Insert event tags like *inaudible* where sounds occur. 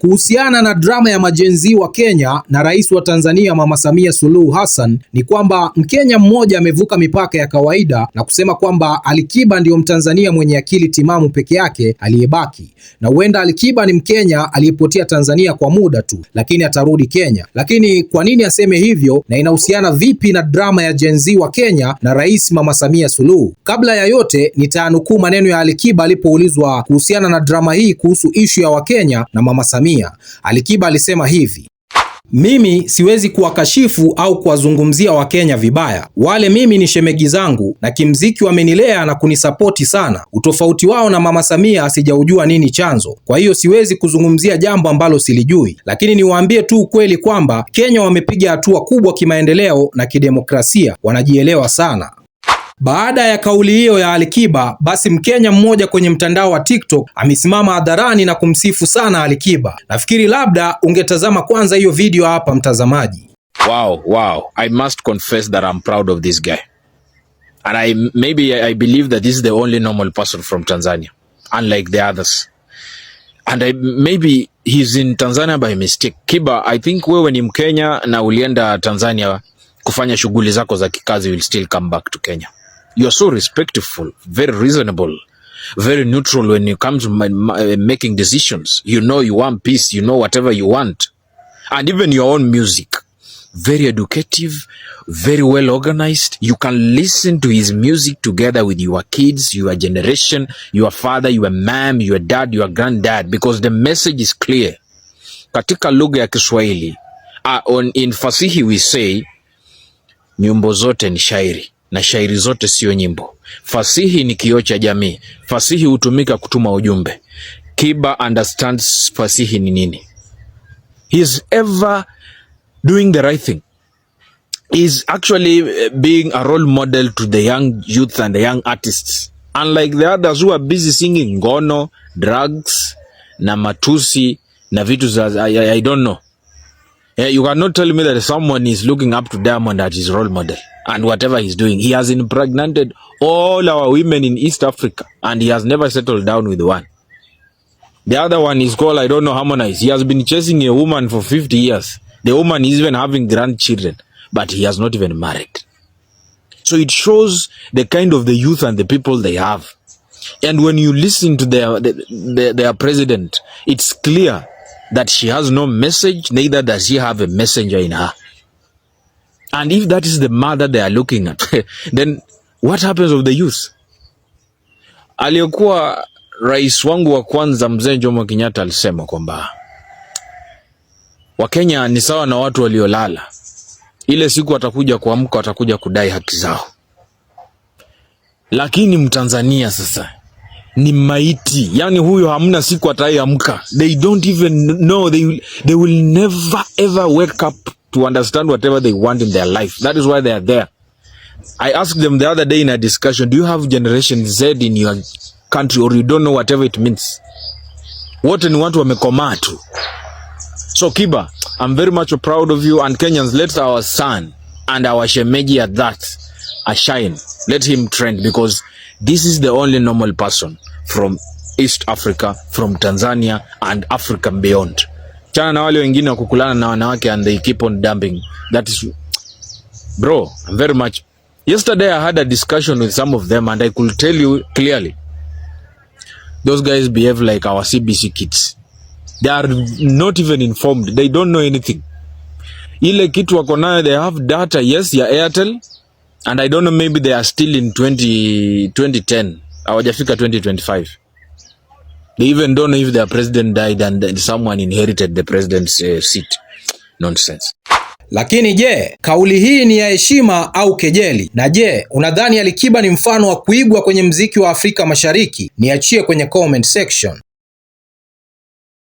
Kuhusiana na drama ya majenzi wa Kenya na rais wa Tanzania Mama Samia Suluhu Hassan ni kwamba Mkenya mmoja amevuka mipaka ya kawaida na kusema kwamba Alikiba ndiyo Mtanzania mwenye akili timamu peke yake aliyebaki, na huenda Alikiba ni Mkenya aliyepotea Tanzania kwa muda tu, lakini atarudi Kenya. Lakini kwa nini aseme hivyo na inahusiana vipi na drama ya jenzi wa Kenya na rais Mama Samia Suluhu? Kabla ya yote, nitaanukuu maneno ya Alikiba alipoulizwa kuhusiana na drama hii kuhusu ishu ya Wakenya na Mama Samia. Samia. Alikiba alisema hivi: mimi siwezi kuwakashifu au kuwazungumzia Wakenya vibaya. Wale mimi ni shemegi zangu na kimziki wamenilea na kunisapoti sana. Utofauti wao na mama Samia sijaujua nini chanzo, kwa hiyo siwezi kuzungumzia jambo ambalo silijui, lakini niwaambie tu ukweli kwamba Kenya wamepiga hatua kubwa kimaendeleo na kidemokrasia, wanajielewa sana. Baada ya kauli hiyo ya Alikiba, basi Mkenya mmoja kwenye mtandao wa TikTok amesimama hadharani na kumsifu sana Alikiba. Nafikiri labda ungetazama kwanza hiyo video hapa mtazamaji. Wow, wow. I must confess that I'm proud of this guy. And I maybe I believe that this is the only normal person from Tanzania, unlike the others. And I maybe he's in Tanzania by mistake. Kiba, I think wewe ni Mkenya na ulienda Tanzania kufanya shughuli zako za kikazi, will still come back to Kenya you are so respectful very reasonable very neutral when you come to my, my, eh, making decisions you know you want peace you know whatever you want and even your own music very educative very well organized you can listen to his music together with your kids your generation your father your mam your dad your granddad because the message is clear katika lugha ya Kiswahili uh, on, in fasihi we say nyumbo zote ni shairi na shairi zote siyo nyimbo. Fasihi ni kioo cha jamii. Fasihi hutumika kutuma ujumbe. Kiba understands fasihi ni nini. He is ever doing the right thing. He is actually eh, being a role model to the young youth and the young artists. Unlike the others who are busy singing ngono, drugs na matusi na vitu za I, I, I don't know. Eh, you cannot tell me that someone is looking up to Diamond as his role model and whatever he's doing he has impregnated all our women in East Africa and he has never settled down with one the other one is called I don't know Harmonize he has been chasing a woman for 50 years the woman is even having grandchildren but he has not even married so it shows the kind of the youth and the people they have and when you listen to their, their, their president it's clear that she has no message neither does she have a messenger in her And if that is the mother they are looking at, *laughs* then what happens of the youth? Aliyekuwa rais wangu wa kwanza mzee Jomo Kenyatta alisema kwamba Wakenya ni sawa na watu waliolala. Ile siku watakuja kuamka, watakuja kudai haki zao. Lakini Mtanzania sasa ni maiti, yaani huyo hamna siku ataiamka. They don't even know they, they will never ever wake up to understand whatever they want in their life. That is why they are there. I asked them the other day in a discussion, do you have Generation Z in your country or you don't know whatever it means? Wote ni watu wamekomaa tu. So Kiba, I'm very much proud of you and Kenyans, let our son and our shemeji at that a shine. Let him trend because this is the only normal person from East Africa, from Tanzania and Africa beyond. Chana na wale wengine wa kukulana na wanawake and they keep on dumping. That is bro, I'm very much. Yesterday I had a discussion with some of them and I could tell you clearly. Those guys behave like our CBC kids. They are not even informed. They don't know anything. Ile kitu wako nayo they have data yes ya Airtel and I don't know maybe they are still in 20, 2010. Hawajafika 2025. They even don't know if their president died and someone inherited the president's uh, seat. Nonsense. Lakini je, kauli hii ni ya heshima au kejeli? Na je, unadhani Alikiba ni mfano wa kuigwa kwenye mziki wa Afrika Mashariki? Niachie kwenye comment section.